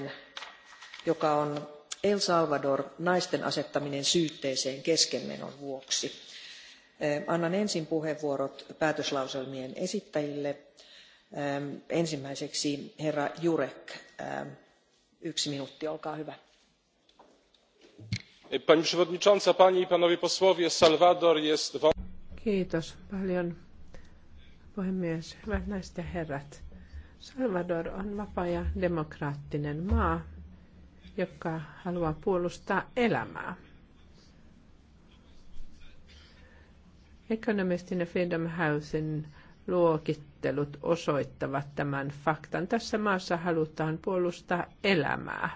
aloitteen joka on el salvador naisten asettaminen syytteeseen keskenmenon vuoksi. annan ensin puheenvuorot päätöslauselmien esittäjille ensimmäiseksi herra jurek yksi minuutti olkaa hyvä. pani przewodnicząca! panie i panowie posłowie! salvador jest. kiitos paljon puhemies hyvät naiset ja herrat Salvador on vapaa ja demokraattinen maa, joka haluaa puolustaa elämää. Economistin ja Freedom Housein luokittelut osoittavat tämän faktan. Tässä maassa halutaan puolustaa elämää.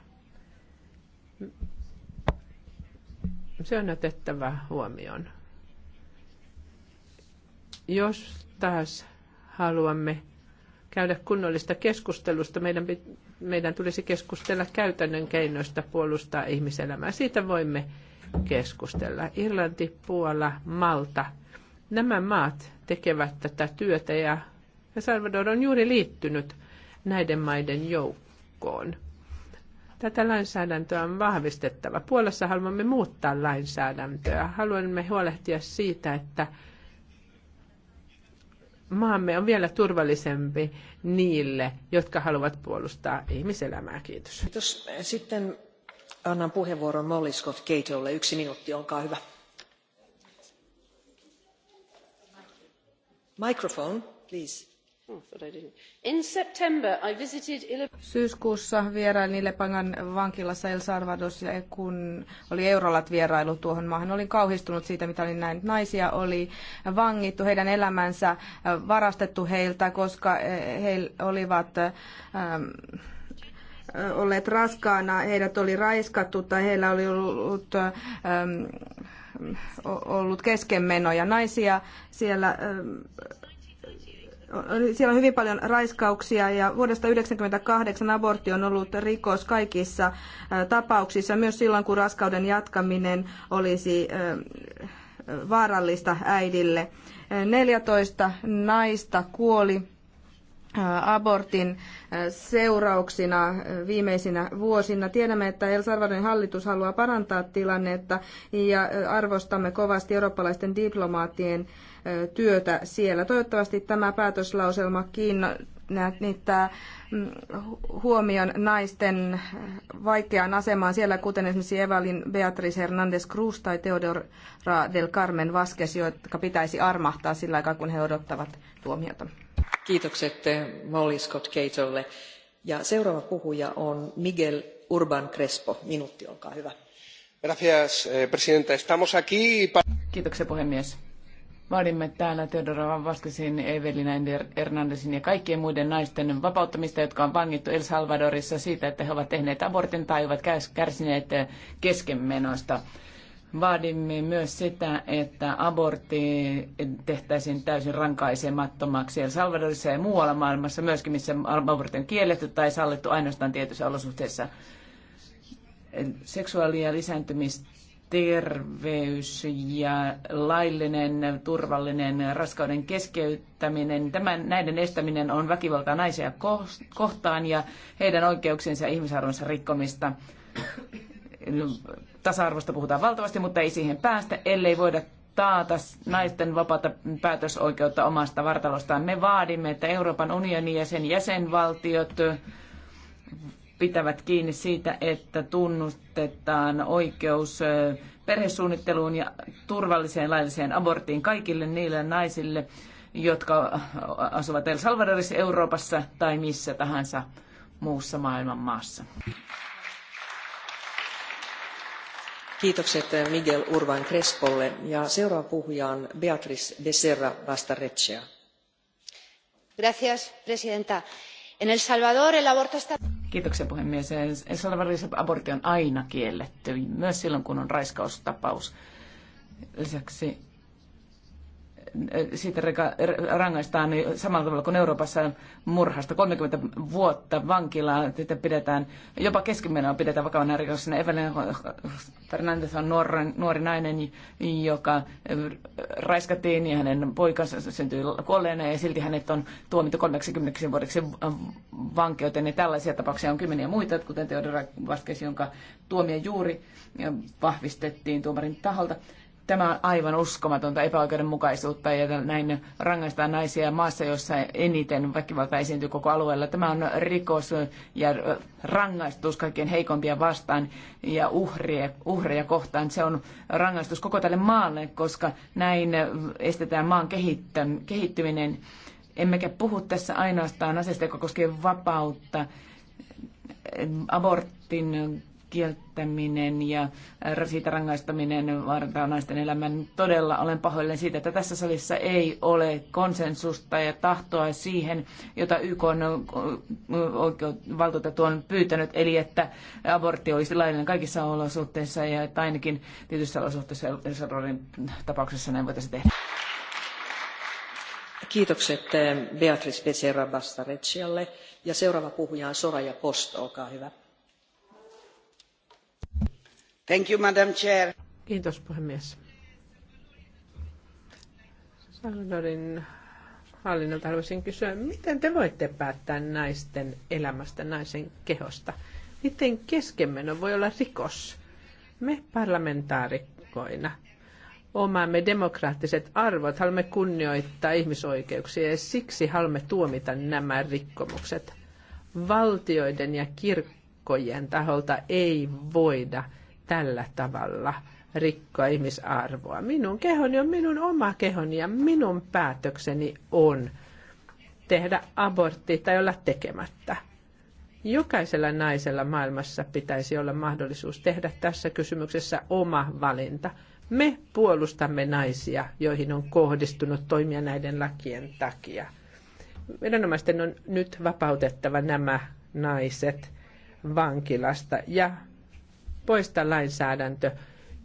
Se on otettava huomioon. Jos taas haluamme käydä kunnollista keskustelusta. Meidän, meidän tulisi keskustella käytännön keinoista puolustaa ihmiselämää. Siitä voimme keskustella. Irlanti, Puola, Malta. Nämä maat tekevät tätä työtä ja Salvador on juuri liittynyt näiden maiden joukkoon. Tätä lainsäädäntöä on vahvistettava. Puolassa haluamme muuttaa lainsäädäntöä. Haluamme huolehtia siitä, että maamme on vielä turvallisempi niille, jotka haluavat puolustaa ihmiselämää. Kiitos. Kiitos. Sitten annan puheenvuoron Molly Scott Keitolle. Yksi minuutti, olkaa hyvä. Microphone, please. Oh, Syyskuussa vierailin Lepangan vankilassa El Salvadorissa, kun oli Eurolat vierailu tuohon maahan. Olin kauhistunut siitä, mitä olin näin. Naisia oli vangittu, heidän elämänsä äh, varastettu heiltä, koska äh, he olivat ähm, olleet raskaana, heidät oli raiskattu tai heillä oli ollut ähm, ollut keskenmenoja. Naisia siellä ähm, siellä on hyvin paljon raiskauksia ja vuodesta 1998 abortti on ollut rikos kaikissa tapauksissa, myös silloin kun raskauden jatkaminen olisi vaarallista äidille. 14 naista kuoli abortin seurauksina viimeisinä vuosina. Tiedämme, että El Salvadorin hallitus haluaa parantaa tilannetta ja arvostamme kovasti eurooppalaisten diplomaattien työtä siellä. Toivottavasti tämä päätöslauselma kiinnittää mm, huomion naisten vaikeaan asemaan siellä, kuten esimerkiksi Evalin Beatriz Hernandez Cruz tai Teodora del Carmen Vasquez, jotka pitäisi armahtaa sillä aikaa, kun he odottavat tuomiota. Kiitokset eh, Molly Scott Catolle. Ja seuraava puhuja on Miguel Urban Crespo. Minuutti, olkaa hyvä. Gracias, eh, presidenta. Estamos aquí... Kiitoksia puhemies Vaadimme täällä Teodora Vaskasin, Evelina Hernandezin ja kaikkien muiden naisten vapauttamista, jotka on vangittu El Salvadorissa siitä, että he ovat tehneet abortin tai ovat kärsineet keskenmenosta. Vaadimme myös sitä, että abortti tehtäisiin täysin rankaisemattomaksi El Salvadorissa ja muualla maailmassa, myöskin missä abortti on kielletty tai sallittu ainoastaan tietyissä olosuhteissa. Seksuaali- ja lisääntymistä terveys ja laillinen, turvallinen raskauden keskeyttäminen. Tämän, näiden estäminen on väkivaltaa naisia kohtaan ja heidän oikeuksiensa ja ihmisarvonsa rikkomista. Tasa-arvosta puhutaan valtavasti, mutta ei siihen päästä, ellei voida taata naisten vapaata päätösoikeutta omasta vartalostaan. Me vaadimme, että Euroopan unioni ja sen jäsenvaltiot pitävät kiinni siitä, että tunnustetaan oikeus perhesuunnitteluun ja turvalliseen lailliseen aborttiin kaikille niille naisille, jotka asuvat El Salvadorissa, Euroopassa tai missä tahansa muussa maailman maassa. Kiitokset eh, Miguel Urvan Crespolle ja seuraava puhuja on Beatriz Serra Bastarrecea. Gracias, presidenta. En El Salvador el aborto está... Kiitoksia puhemies. El Salvadorissa abortti on aina kielletty, myös silloin kun on raiskaustapaus. Lisäksi siitä rangaistaan niin samalla tavalla kuin Euroopassa murhasta. 30 vuotta vankilaa sitä pidetään, jopa keskimenoa pidetään vakavana rikoksena. Evelyn Fernandez on nuori, nuori nainen, joka raiskattiin ja hänen poikansa syntyi kuolleena ja silti hänet on tuomittu 30 vuodeksi vankeuteen. Ja tällaisia tapauksia on kymmeniä muita, kuten Teodora Vaskes, jonka tuomio juuri vahvistettiin tuomarin taholta. Tämä on aivan uskomatonta epäoikeudenmukaisuutta ja näin rangaistaan naisia maassa, jossa eniten väkivalta esiintyy koko alueella. Tämä on rikos ja rangaistus kaikkien heikompia vastaan ja uhrie, uhreja kohtaan. Se on rangaistus koko tälle maalle, koska näin estetään maan kehittyminen. Emmekä puhu tässä ainoastaan asiasta, joka koskee vapautta, abortin kieltäminen ja siitä rangaistaminen vaarantaa naisten elämän. Todella olen pahoillani siitä, että tässä salissa ei ole konsensusta ja tahtoa siihen, jota YK on valtuutettu on pyytänyt, eli että abortti olisi laillinen kaikissa olosuhteissa ja että ainakin tietyissä olosuhteissa El tapauksessa näin voitaisiin tehdä. Kiitokset eh, Beatrice Becerra Bastareccialle ja seuraava puhuja on Soraya Post, olkaa hyvä Thank you, Madam Chair. Kiitos puhemies. Salvadorin hallinnolta haluaisin kysyä, miten te voitte päättää naisten elämästä, naisen kehosta? Miten keskenmeno voi olla rikos? Me parlamentaarikkoina omaamme demokraattiset arvot, haluamme kunnioittaa ihmisoikeuksia ja siksi haluamme tuomita nämä rikkomukset. Valtioiden ja kirkkojen taholta ei voida tällä tavalla rikkoa ihmisarvoa. Minun kehoni on minun oma kehoni ja minun päätökseni on tehdä abortti tai olla tekemättä. Jokaisella naisella maailmassa pitäisi olla mahdollisuus tehdä tässä kysymyksessä oma valinta. Me puolustamme naisia, joihin on kohdistunut toimia näiden lakien takia. Viranomaisten on nyt vapautettava nämä naiset vankilasta ja poista lainsäädäntö,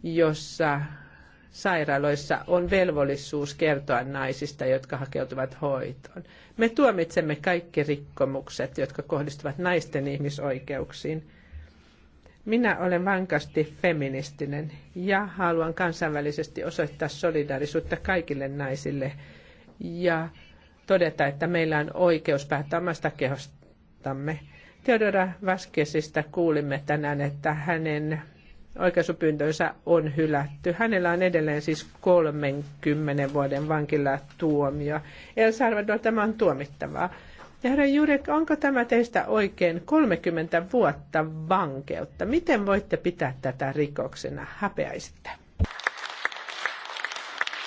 jossa sairaaloissa on velvollisuus kertoa naisista, jotka hakeutuvat hoitoon. Me tuomitsemme kaikki rikkomukset, jotka kohdistuvat naisten ihmisoikeuksiin. Minä olen vankasti feministinen ja haluan kansainvälisesti osoittaa solidaarisuutta kaikille naisille ja todeta, että meillä on oikeus päättää omasta kehostamme. Teodora Vaskesista kuulimme tänään, että hänen oikaisupyyntönsä on hylätty. Hänellä on edelleen siis 30 vuoden vankilatuomio. El Salvador, tämä on tuomittavaa. Ja herra Jurek, onko tämä teistä oikein 30 vuotta vankeutta? Miten voitte pitää tätä rikoksena? Häpeäisitte.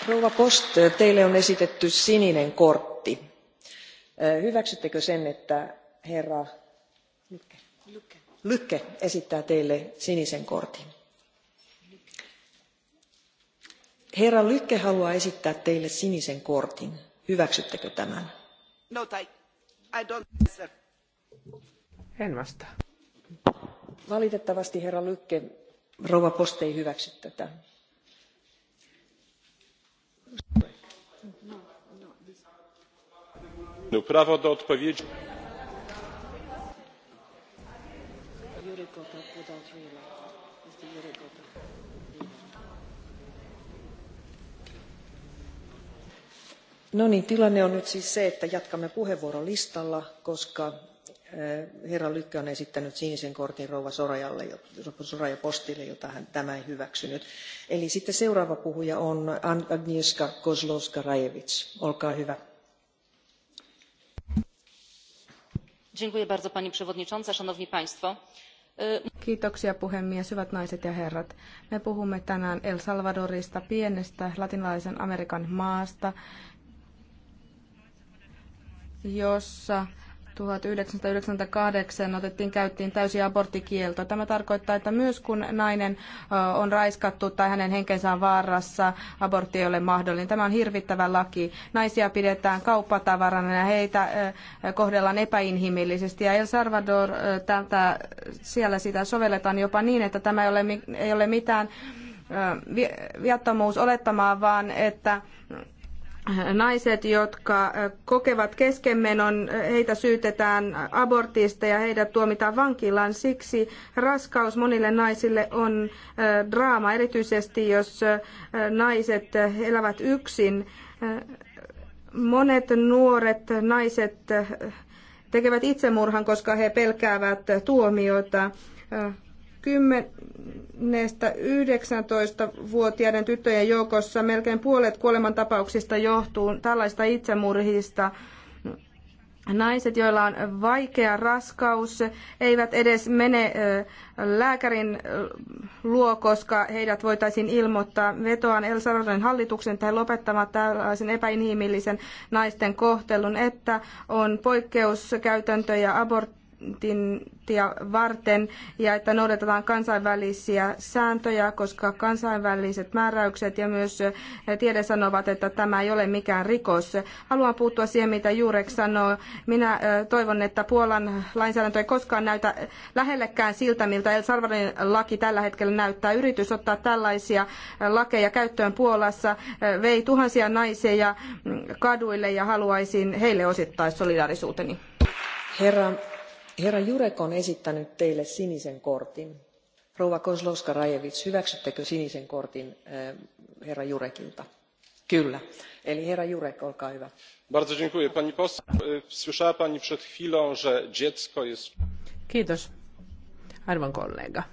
Rouva Post, teille on esitetty sininen kortti. Hyväksyttekö sen, että herra Lykke esittää teille sinisen kortin. Herra Lykke haluaa esittää teille sinisen kortin. Hyväksyttekö tämän? No, I, I don't En vastaa. Valitettavasti herra Lykke, rouva Post ei hyväksy tätä. No, prawo do odpowiedzi. No niin, tilanne on nyt siis se, että jatkamme puheenvuorolistalla, koska eh, herra lykkä on esittänyt sinisen kortin rouva Sorajalle, Soraja Postille, jota hän tämä ei hyväksynyt. Eli sitten seuraava puhuja on Agnieszka Kozlowska-Rajewicz. Olkaa hyvä. Dziękuję bardzo pani przewodnicząca, szanowni państwo Kiitoksia puhemies, hyvät naiset ja herrat. Me puhumme tänään El Salvadorista, pienestä latinalaisen Amerikan maasta, jossa 1998 otettiin käyttiin täysi aborttikielto. Tämä tarkoittaa, että myös kun nainen on raiskattu tai hänen henkensä on vaarassa, abortti ei ole mahdollinen. Tämä on hirvittävä laki. Naisia pidetään kauppatavarana ja heitä kohdellaan epäinhimillisesti. Ja El Salvador, tältä, siellä sitä sovelletaan jopa niin, että tämä ei ole, ei ole mitään viattomuus olettamaan, vaan että naiset, jotka kokevat keskenmenon, heitä syytetään abortista ja heidät tuomitaan vankilaan. Siksi raskaus monille naisille on draama, erityisesti jos naiset elävät yksin. Monet nuoret naiset tekevät itsemurhan, koska he pelkäävät tuomiota 10-19-vuotiaiden tyttöjen joukossa melkein puolet kuolemantapauksista johtuu tällaista itsemurhista. Naiset, joilla on vaikea raskaus, eivät edes mene lääkärin luo, koska heidät voitaisiin ilmoittaa vetoan El Salvadorin hallituksen tai lopettamaan tällaisen epäinhimillisen naisten kohtelun, että on poikkeuskäytäntöjä abort investointia varten ja että noudatetaan kansainvälisiä sääntöjä, koska kansainväliset määräykset ja myös tiede sanovat, että tämä ei ole mikään rikos. Haluan puuttua siihen, mitä Jurek sanoo. Minä toivon, että Puolan lainsäädäntö ei koskaan näytä lähellekään siltä, miltä El Salvadorin laki tällä hetkellä näyttää. Yritys ottaa tällaisia lakeja käyttöön Puolassa vei tuhansia naisia mm, kaduille ja haluaisin heille osittaa solidaarisuuteni. Herra herra jurek on esittänyt teille sinisen kortin. rouva kozlovska rajevic hyväksyttekö sinisen kortin eh, herra jurekilta? kyllä. eli herra jurek olkaa hyvä. pani e, słyszała pani przed chwilą że dziecko jest. kiitos arvon kollega.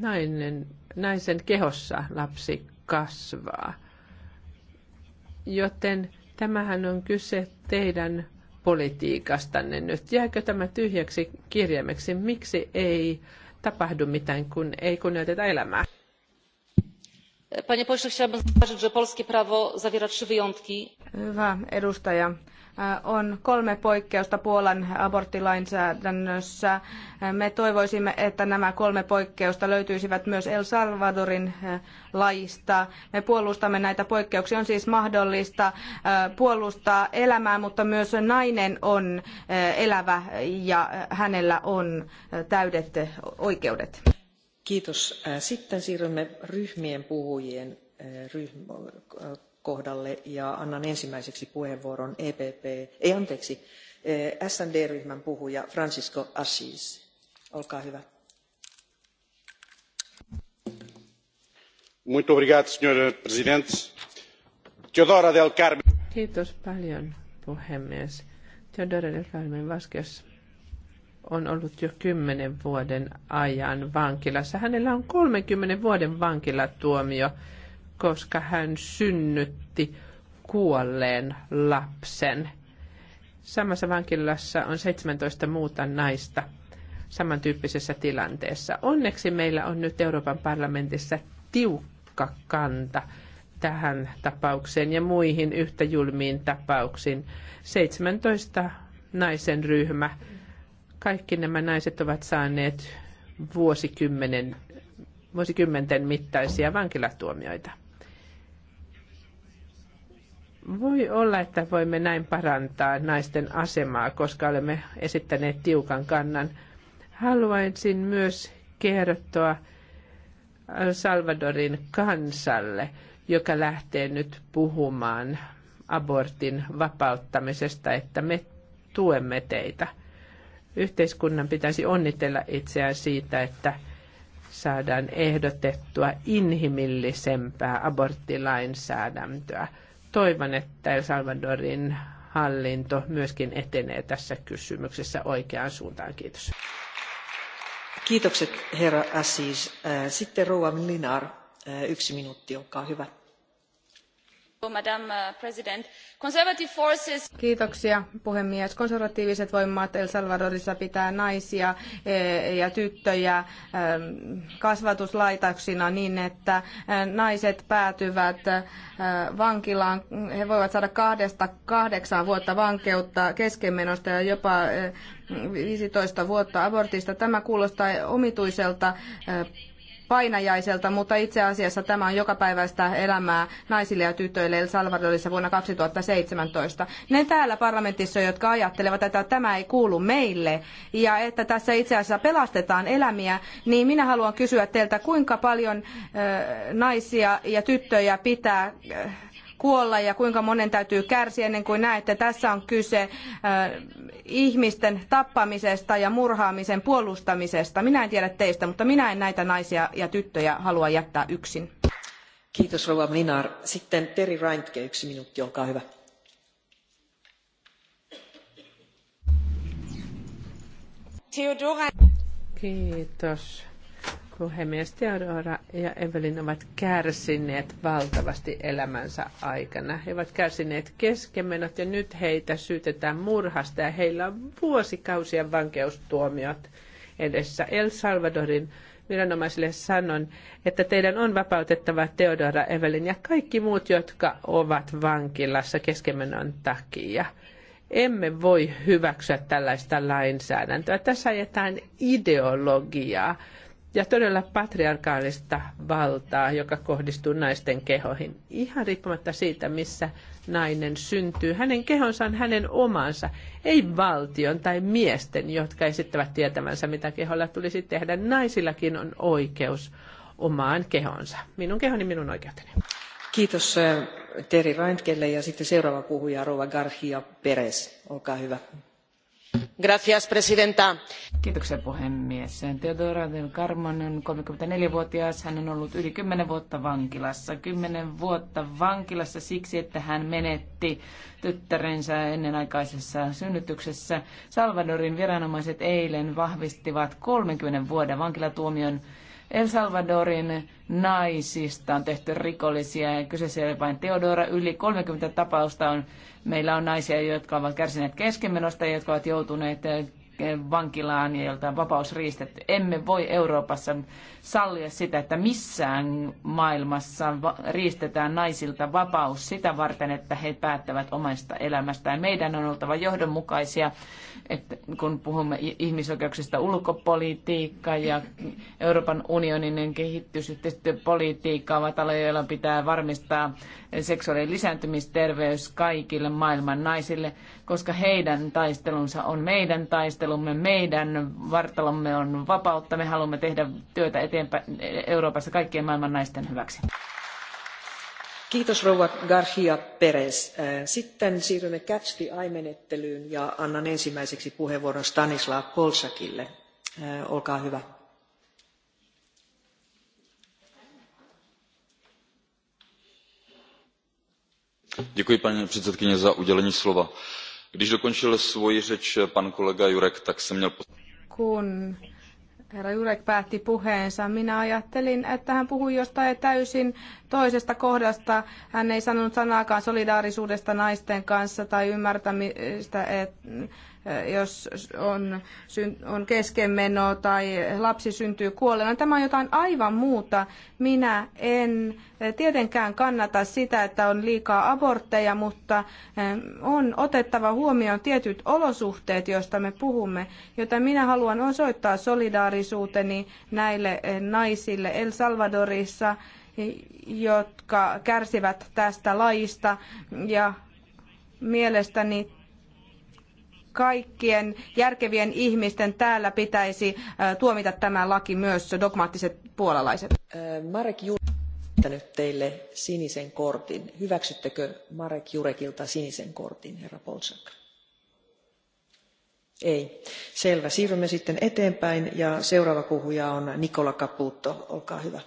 Nainen, naisen kehossa lapsi kasvaa, joten Tämähän on kyse teidän politiikastanne nyt. Jääkö tämä tyhjäksi kirjaimeksi? Miksi ei tapahdu mitään, kun ei kunnioiteta elämää? Panie pośle, chciałabym zauważyć, że polskie prawo zawiera trzy wyjątki. Hyvä edustaja on kolme poikkeusta Puolan aborttilainsäädännössä. Me toivoisimme, että nämä kolme poikkeusta löytyisivät myös El Salvadorin laista. Me puolustamme näitä poikkeuksia. On siis mahdollista puolustaa elämää, mutta myös nainen on elävä ja hänellä on täydet oikeudet. Kiitos. Sitten siirrymme ryhmien puhujien ryhm- kohdalle ja annan ensimmäiseksi puheenvuoron EPP, ei anteeksi, eh, SND-ryhmän puhuja Francisco Assis. Olkaa hyvä. Muito obrigado, senhor presidente. Teodora del Carmen. Kiitos paljon, puhemies. Teodora del Carmen Vasquez on ollut jo kymmenen vuoden ajan vankilassa. Hänellä on 30 vuoden vankilatuomio koska hän synnytti kuolleen lapsen. Samassa vankilassa on 17 muuta naista samantyyppisessä tilanteessa. Onneksi meillä on nyt Euroopan parlamentissa tiukka kanta tähän tapaukseen ja muihin yhtä julmiin tapauksiin. 17 naisen ryhmä. Kaikki nämä naiset ovat saaneet vuosikymmenen, vuosikymmenten mittaisia vankilatuomioita. Voi olla, että voimme näin parantaa naisten asemaa, koska olemme esittäneet tiukan kannan. Haluaisin myös kertoa Salvadorin kansalle, joka lähtee nyt puhumaan abortin vapauttamisesta, että me tuemme teitä. Yhteiskunnan pitäisi onnitella itseään siitä, että saadaan ehdotettua inhimillisempää aborttilainsäädäntöä Toivon, että El Salvadorin hallinto myöskin etenee tässä kysymyksessä oikeaan suuntaan. Kiitos. Kiitokset herra Assis. Äh, sitten rouva Linar, äh, yksi minuutti, olkaa hyvä Uh, Kiitoksia puhemies. Konservatiiviset voimat El Salvadorissa pitää naisia e, ja tyttöjä ähm, kasvatuslaitoksina niin, että äh, naiset päätyvät äh, vankilaan. He voivat saada kahdesta kahdeksaan vuotta vankeutta keskenmenosta ja jopa 15 äh, vuotta abortista. Tämä kuulostaa omituiselta painajaiselta, mutta itse asiassa tämä on jokapäiväistä elämää naisille ja tytöille El Salvadorissa vuonna 2017. Ne täällä parlamentissa, jotka ajattelevat, että tämä ei kuulu meille ja että tässä itse asiassa pelastetaan elämiä, niin minä haluan kysyä teiltä, kuinka paljon naisia ja tyttöjä pitää kuolla ja kuinka monen täytyy kärsiä ennen kuin näette. Tässä on kyse ihmisten tappamisesta ja murhaamisen puolustamisesta. Minä en tiedä teistä, mutta minä en näitä naisia ja tyttöjä halua jättää yksin. Kiitos rouva Minar. Sitten Teri Reintke, yksi minuutti, olkaa hyvä. Kiitos puhemies Teodora ja Evelin ovat kärsineet valtavasti elämänsä aikana. He ovat kärsineet keskenmenot ja nyt heitä syytetään murhasta ja heillä on vuosikausien vankeustuomiot edessä. El Salvadorin viranomaisille sanon, että teidän on vapautettava Teodora Evelin ja kaikki muut, jotka ovat vankilassa keskenmenon takia. Emme voi hyväksyä tällaista lainsäädäntöä. Tässä ajetaan ideologiaa ja todella patriarkaalista valtaa, joka kohdistuu naisten kehoihin. Ihan riippumatta siitä, missä nainen syntyy. Hänen kehonsa on hänen omansa, ei valtion tai miesten, jotka esittävät tietämänsä, mitä keholla tulisi tehdä. Naisillakin on oikeus omaan kehonsa. Minun kehoni, minun oikeuteni. Kiitos äh, Teri Reintkelle ja sitten seuraava puhuja Rova Garcia Perez. Olkaa hyvä. Gracias, presidenta Kiitoksia puhemies. Teodora del Carmon on 34-vuotias. Hän on ollut yli 10 vuotta vankilassa. 10 vuotta vankilassa siksi, että hän menetti tyttärensä ennenaikaisessa synnytyksessä. Salvadorin viranomaiset eilen vahvistivat 30 vuoden vankilatuomion El Salvadorin naisista on tehty rikollisia ja kyseessä ei ole vain Teodora. Yli 30 tapausta on, meillä on naisia, jotka ovat kärsineet keskenmenosta ja jotka ovat joutuneet vankilaan ja on vapaus riistetty. Emme voi Euroopassa sallia sitä, että missään maailmassa riistetään naisilta vapaus sitä varten, että he päättävät omasta elämästään. Meidän on oltava johdonmukaisia, että kun puhumme ihmisoikeuksista ulkopolitiikka ja Euroopan unionin kehitysyhteistyöpolitiikka ovat aloja, joilla pitää varmistaa seksuaalinen lisääntymisterveys kaikille maailman naisille, koska heidän taistelunsa on meidän taistelu taistelumme, meidän vartalomme on vapautta. Me haluamme tehdä työtä eteenpäin Euroopassa kaikkien maailman naisten hyväksi. Kiitos rouva Garcia Perez. Sitten siirrymme Catch the Eye-menettelyyn ja annan ensimmäiseksi puheenvuoron Stanislav Polsakille. Olkaa hyvä. paní slova. Když dokončil svoji řeč eh, pan kollega Jurek, tak jsem měl... Kun herra Jurek päätti puheensa, minä ajattelin, että hän puhui jostain täysin toisesta kohdasta. Hän ei sanonut sanaakaan solidaarisuudesta naisten kanssa tai ymmärtämistä, että jos on, on keskenmeno tai lapsi syntyy kuolleena. Tämä on jotain aivan muuta. Minä en tietenkään kannata sitä, että on liikaa abortteja, mutta eh, on otettava huomioon tietyt olosuhteet, joista me puhumme, joten minä haluan osoittaa solidaarisuuteni näille eh, naisille El Salvadorissa, jotka kärsivät tästä laista ja mielestäni kaikkien järkevien ihmisten täällä pitäisi tuomita tämä laki myös dogmaattiset puolalaiset. Marek Jurek teille sinisen kortin. Hyväksyttekö Marek Jurekilta sinisen kortin, herra Polsak? Ei. Selvä. Siirrymme sitten eteenpäin ja seuraava puhuja on Nikola Caputo. Olkaa hyvä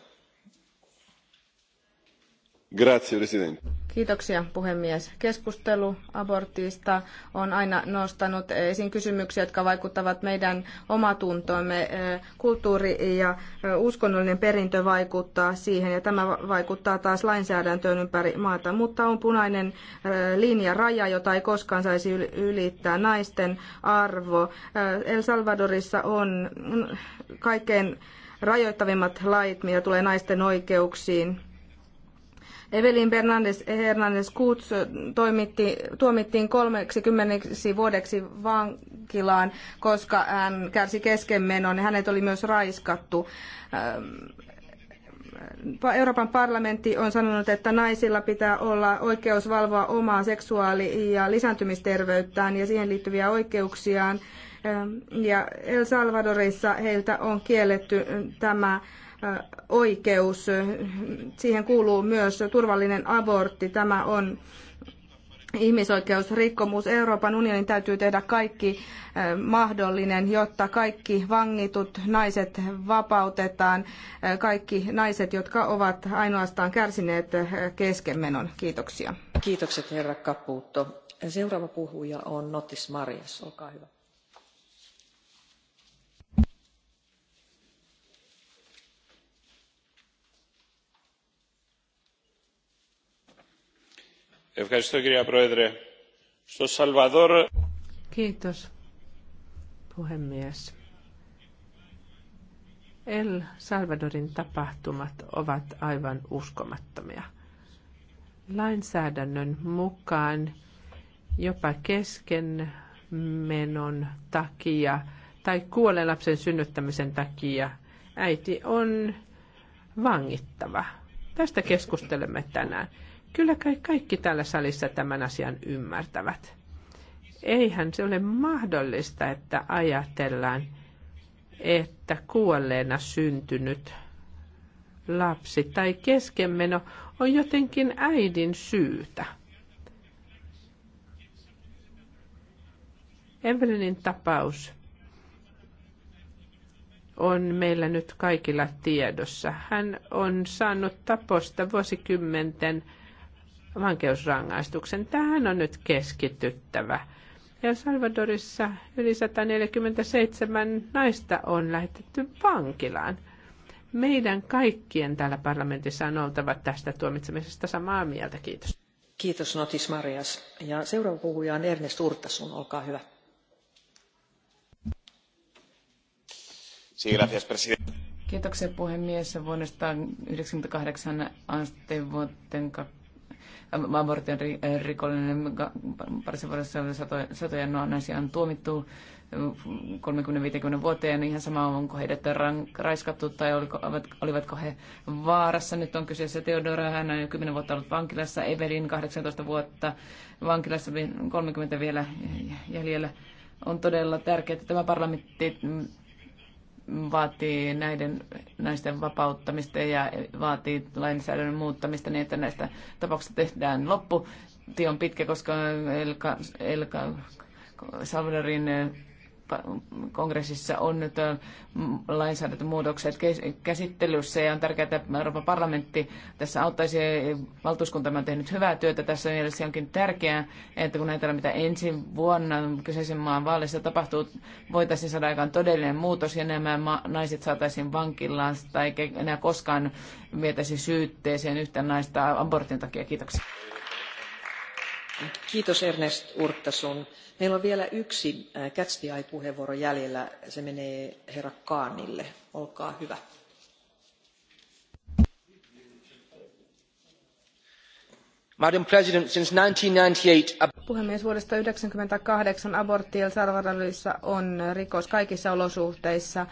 Kiitoksia puhemies. Keskustelu abortista on aina nostanut esiin kysymyksiä, jotka vaikuttavat meidän omatuntoomme. Kulttuuri ja uskonnollinen perintö vaikuttaa siihen ja tämä vaikuttaa taas lainsäädäntöön ympäri maata. Mutta on punainen eh, linja, raja, jota ei koskaan saisi ylittää. Naisten arvo. Eh, El Salvadorissa on kaikkein rajoittavimmat lait, mitä tulee naisten oikeuksiin Evelin Bernandes Hernandez Kutz toimitti, tuomittiin 30 vuodeksi vankilaan, koska hän kärsi keskenmenon. Hänet oli myös raiskattu. Euroopan parlamentti on sanonut, että naisilla pitää olla oikeus valvoa omaa seksuaali- ja lisääntymisterveyttään ja siihen liittyviä oikeuksiaan. Ja El Salvadorissa heiltä on kielletty tämä oikeus. Siihen kuuluu myös turvallinen abortti. Tämä on ihmisoikeusrikkomus. Euroopan unionin täytyy tehdä kaikki eh, mahdollinen, jotta kaikki vangitut naiset vapautetaan, eh, kaikki naiset, jotka ovat ainoastaan kärsineet eh, keskenmenon. Kiitoksia. Kiitokset herra Caputo. Seuraava puhuja on Notis Marias. Olkaa hyvä Kiitos, puhemies. El Salvadorin tapahtumat ovat aivan uskomattomia. Lainsäädännön mukaan jopa keskenmenon takia tai kuolen lapsen synnyttämisen takia äiti on vangittava. Tästä keskustelemme tänään. Kyllä kai kaikki täällä salissa tämän asian ymmärtävät. Eihän se ole mahdollista, että ajatellaan, että kuolleena syntynyt lapsi tai keskenmeno on jotenkin äidin syytä. Evelynin tapaus on meillä nyt kaikilla tiedossa. Hän on saanut taposta vuosikymmenten vankeusrangaistuksen. Tähän on nyt keskityttävä. El Salvadorissa yli 147 naista on lähetetty vankilaan. Meidän kaikkien täällä parlamentissa on oltava tästä tuomitsemisesta samaa mieltä. Kiitos. Kiitos Notis Marias. Ja seuraava puhuja on Ernest Urtasun. Olkaa hyvä. Kiitoksia puhemies. Vuodesta 1998 asti vuoteen abortion rikollinen parissa vuodessa satoja naisia on tuomittu 30-50 vuoteen. Ihan sama, onko heidät raiskattu tai oliko, olivatko he vaarassa. Nyt on kyseessä Theodora, hän on jo 10 vuotta ollut vankilassa, Evelin 18 vuotta vankilassa, 30 vielä jäljellä. On todella tärkeää, että tämä parlamentti vaatii näiden naisten vapauttamista ja vaatii lainsäädännön muuttamista niin, että näistä tapauksista tehdään loppu. Tie on pitkä, koska Elka, Elka Salvadorin kongressissa on nyt lainsäädäntömuutokset käsittelyssä ja on tärkeää, että Euroopan parlamentti tässä auttaisi. Valtuuskunta on tehnyt hyvää työtä tässä mielessä. Onkin tärkeää, että kun näitä mitä ensi vuonna kyseisen maan vaaleissa tapahtuu, voitaisiin saada aikaan todellinen muutos ja nämä naiset saataisiin vankilaan tai enää koskaan vietäisi syytteeseen yhtä naista abortin takia. Kiitoksia. Kiitos Ernest Urttasun. Meillä on vielä yksi äh, puheenvuoro jäljellä. Se menee herra Kaanille. Olkaa hyvä. Madam President, since 1998... Puhemies, vuodesta 1998 abortti El Salvadorissa on rikos kaikissa olosuhteissa.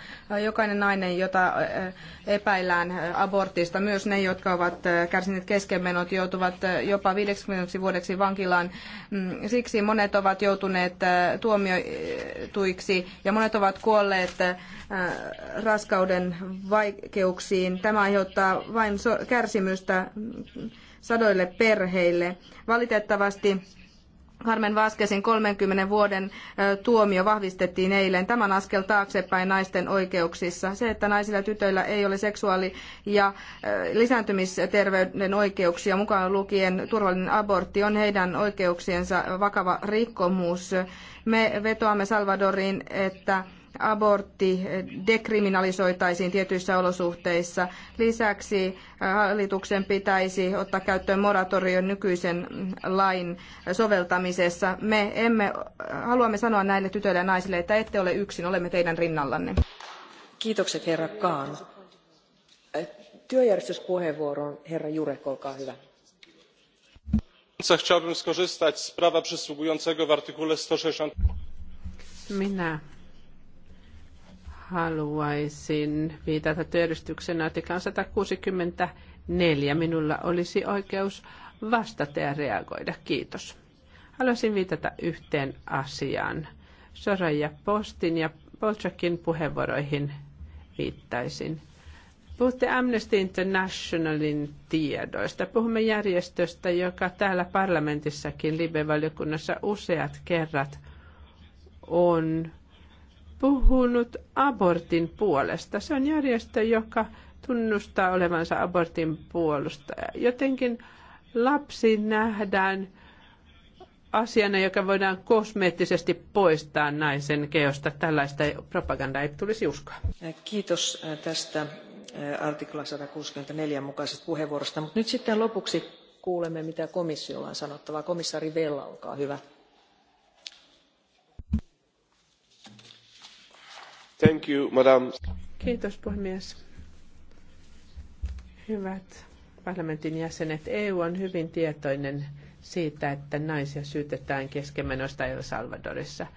Jokainen nainen, jota eh, epäillään abortista, myös ne, jotka ovat eh, kärsineet keskenmenot, joutuvat eh, jopa 50 vuodeksi vankilaan. Mm, siksi monet ovat joutuneet tuomioituiksi ja monet ovat kuolleet raskauden vaikeuksiin. Tämä aiheuttaa vain kärsimystä mm, sadoille perheille. Valitettavasti Carmen Vaskesin 30 vuoden tuomio vahvistettiin eilen. Tämän askel taaksepäin naisten oikeuksissa. Se, että naisilla ja tytöillä ei ole seksuaali- ja lisääntymisterveyden oikeuksia, mukaan lukien turvallinen abortti, on heidän oikeuksiensa vakava rikkomus. Me vetoamme Salvadoriin, että abortti dekriminalisoitaisiin tietyissä olosuhteissa. Lisäksi äh, hallituksen pitäisi ottaa käyttöön moratorion nykyisen lain soveltamisessa. Me emme, äh, haluamme sanoa näille tytöille ja naisille, että ette ole yksin, olemme teidän rinnallanne. Kiitokset herra Kaan. Äh, Työjärjestyspuheenvuoroon herra Jurek, olkaa hyvä chciałbym skorzystać z prawa przysługującego w artykule minä haluaisin viitata työjärjestyksen artiklan 164. Minulla olisi oikeus vastata ja reagoida. Kiitos. Haluaisin viitata yhteen asiaan. Soran ja Postin ja Polchakin puheenvuoroihin viittaisin. Puhutte Amnesty Internationalin tiedoista. Puhumme järjestöstä, joka täällä parlamentissakin libe valiokunnassa useat kerrat on puhunut abortin puolesta. Se on järjestö, joka tunnustaa olevansa abortin puolustaja. Jotenkin lapsi nähdään asiana, joka voidaan kosmeettisesti poistaa naisen keosta. Tällaista propagandaa ei tulisi uskoa. Kiitos äh, tästä äh, artikla 164 mukaisesta puheenvuorosta. Mutta nyt sitten lopuksi kuulemme, mitä komissiolla on sanottavaa. Komissaari Vella, olkaa hyvä. arvoisa Kiitos puhemies. Hyvät parlamentin jäsenet, EU on hyvin tietoinen siitä, että naisia syytetään keskenmenoista El Salvadorissa.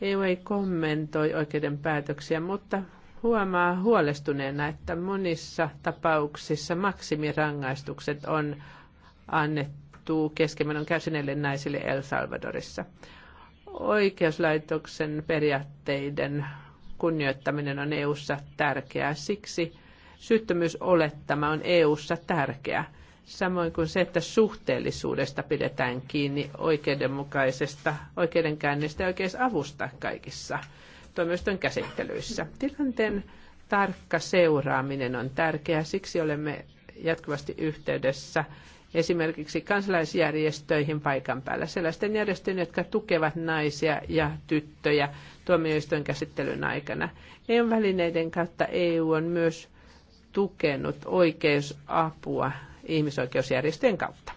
EU ei kommentoi oikeuden päätöksiä, mutta huomaa huolestuneena, että monissa tapauksissa maksimirangaistukset on annettu keskenmenon kärsineille naisille El Salvadorissa. Oikeuslaitoksen periaatteiden kunnioittaminen on EU:ssa tärkeää. Siksi syyttömyysolettama on EU:ssa tärkeä. Samoin kuin se, että suhteellisuudesta pidetään kiinni oikeudenmukaisesta oikeudenkäynnistä ja oikeusavusta kaikissa tuomioistuin käsittelyissä. Tilanteen tarkka seuraaminen on tärkeää, siksi olemme jatkuvasti yhteydessä esimerkiksi kansalaisjärjestöihin paikan päällä, sellaisten järjestöjen, jotka tukevat naisia ja tyttöjä tuomioistuin käsittelyn aikana. EU-välineiden kautta EU on myös tukenut oikeusapua ihmisoikeusjärjestöjen kautta.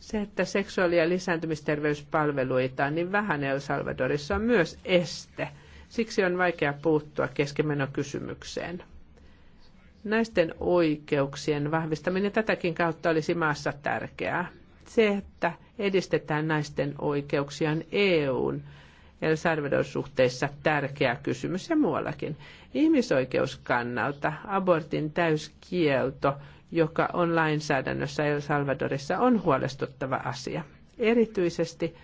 Se, että seksuaali- ja lisääntymisterveyspalveluita on niin vähän El Salvadorissa on myös este. Siksi on vaikea puuttua keskimenokysymykseen. kysymykseen Naisten oikeuksien vahvistaminen tätäkin kautta olisi maassa tärkeää. Se, että edistetään naisten oikeuksia on EUn El Salvador suhteessa tärkeä kysymys ja muuallakin. Ihmisoikeuskannalta abortin täyskielto, joka on lainsäädännössä El Salvadorissa, on huolestuttava asia. Erityisesti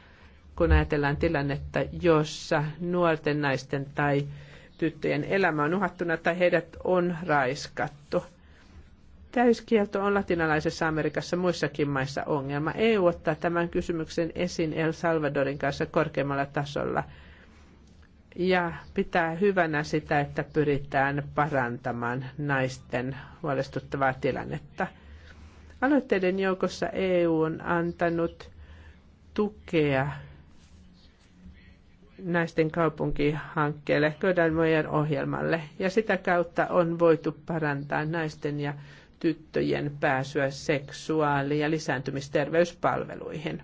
kun ajatellaan tilannetta, jossa nuorten naisten tai tyttöjen elämä on uhattuna tai heidät on raiskattu. Täyskielto on latinalaisessa Amerikassa muissakin maissa ongelma. EU ottaa tämän kysymyksen esiin El Salvadorin kanssa korkeammalla tasolla ja pitää hyvänä sitä, että pyritään parantamaan naisten huolestuttavaa tilannetta. Aloitteiden joukossa EU on antanut tukea naisten kaupunkihankkeelle, Kodanmojen ohjelmalle. Ja sitä kautta on voitu parantaa naisten ja tyttöjen pääsyä seksuaali- ja lisääntymisterveyspalveluihin.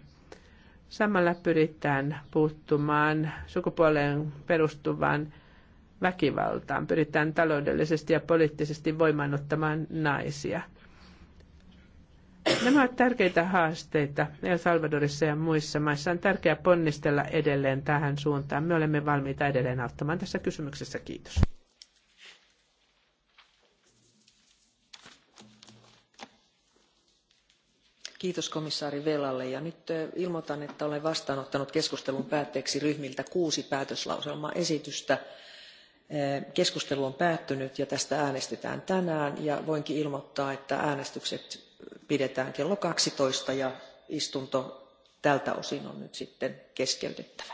Samalla pyritään puuttumaan sukupuoleen perustuvaan väkivaltaan, pyritään taloudellisesti ja poliittisesti voimannuttamaan naisia – Nämä ovat tärkeitä haasteita El Salvadorissa ja muissa maissa. On tärkeää ponnistella edelleen tähän suuntaan. Me olemme valmiita edelleen auttamaan tässä kysymyksessä. Kiitos. Kiitos komissaari Velalle. Ja nyt ilmoitan, että olen vastaanottanut keskustelun päätteeksi ryhmiltä kuusi esitystä. Keskustelu on päättynyt ja tästä äänestetään tänään ja voinkin ilmoittaa, että äänestykset pidetään kello kaksitoista ja istunto tältä osin on nyt sitten keskeytettävä.